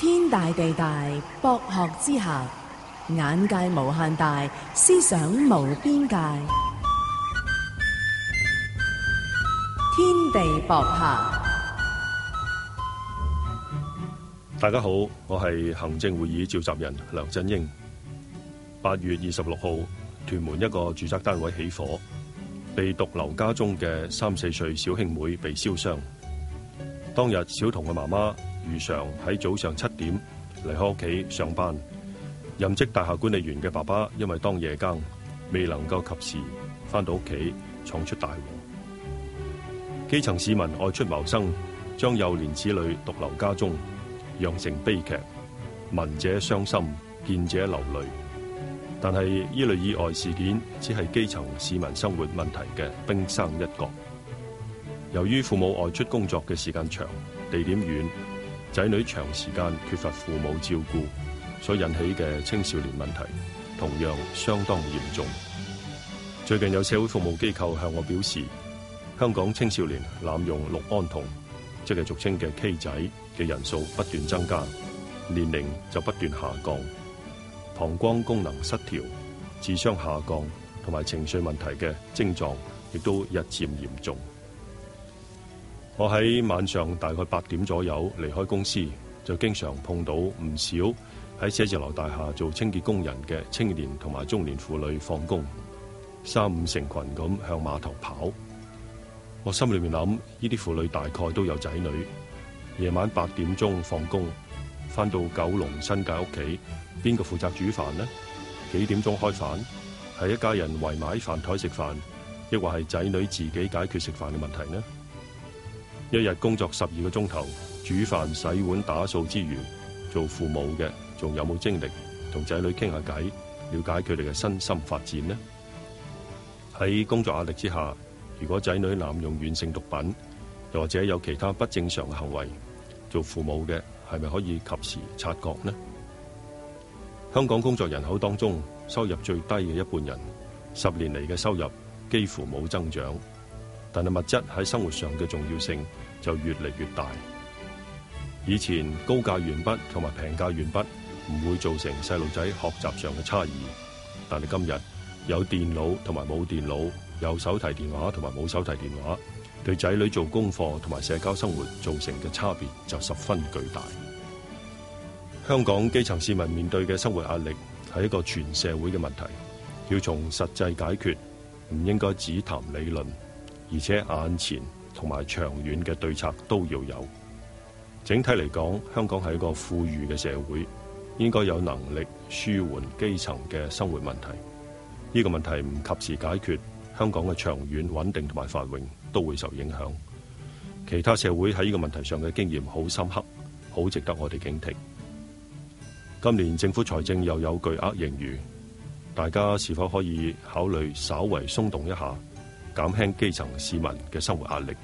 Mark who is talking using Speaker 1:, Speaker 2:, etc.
Speaker 1: 天大地大，博學之下，眼界無限大，思想無邊界。天地博客。大家好，我係行政會議召集人梁振英。八月二十六號，屯門一個住宅單位起火，被獨留家中嘅三四歲小兄妹被燒傷。當日，小童嘅媽媽，如常喺早上七點離開屋企上班，任職大廈管理員嘅爸爸因為當夜更，未能夠及時翻到屋企，闖出大禍。基層市民外出謀生，將幼年子女獨留家中，釀成悲劇，聞者傷心，見者流淚。但係依類意外事件只係基層市民生活問題嘅冰山一角。由於父母外出工作嘅時間長，地點遠。仔女長時間缺乏父母照顧所引起嘅青少年問題，同樣相當嚴重。最近有社會服務機構向我表示，香港青少年濫用氯胺酮，即係俗稱嘅 K 仔嘅人數不斷增加，年齡就不斷下降，膀胱功能失調、智商下降同埋情緒問題嘅症狀，亦都日漸嚴重。我喺晚上大概八點左右離開公司，就經常碰到唔少喺寫字樓大廈做清潔工人嘅青年同埋中年婦女放工，三五成群咁向碼頭跑。我心裏面諗，呢啲婦女大概都有仔女，夜晚八點鐘放工，返到九龍新界屋企，邊個負責煮飯呢？幾點鐘開飯？係一家人圍埋喺飯枱食飯，抑或係仔女自己解決食飯嘅問題呢？一日工作十二個鐘頭，煮飯、洗碗、打掃之餘，做父母嘅，仲有冇精力同仔女傾下偈，了解佢哋嘅身心發展呢？喺工作壓力之下，如果仔女濫用軟性毒品，又或者有其他不正常嘅行為，做父母嘅係咪可以及時察覺呢？香港工作人口當中，收入最低嘅一半人，十年嚟嘅收入幾乎冇增長。但係物質喺生活上嘅重要性就越嚟越大。以前高價鉛筆同埋平價鉛筆唔會造成細路仔學習上嘅差異，但係今日有電腦同埋冇電腦，有手提電話同埋冇手提電話，對仔女做功課同埋社交生活造成嘅差別就十分巨大。香港基層市民面對嘅生活壓力係一個全社會嘅問題，要從實際解決，唔應該只談理論。而且眼前同埋長遠嘅對策都要有。整體嚟講，香港係一個富裕嘅社會，應該有能力舒緩基層嘅生活問題。呢個問題唔及時解決，香港嘅長遠穩定同埋繁榮都會受影響。其他社會喺呢個問題上嘅經驗好深刻，好值得我哋警惕。今年政府財政又有巨額盈餘，大家是否可以考慮稍微鬆動一下？減輕基層市民嘅生活壓力。